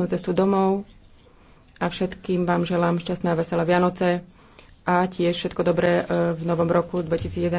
šťastnú cestu domov a všetkým vám želám šťastné a veselé Vianoce a tiež všetko dobré eh, v novom roku 2011.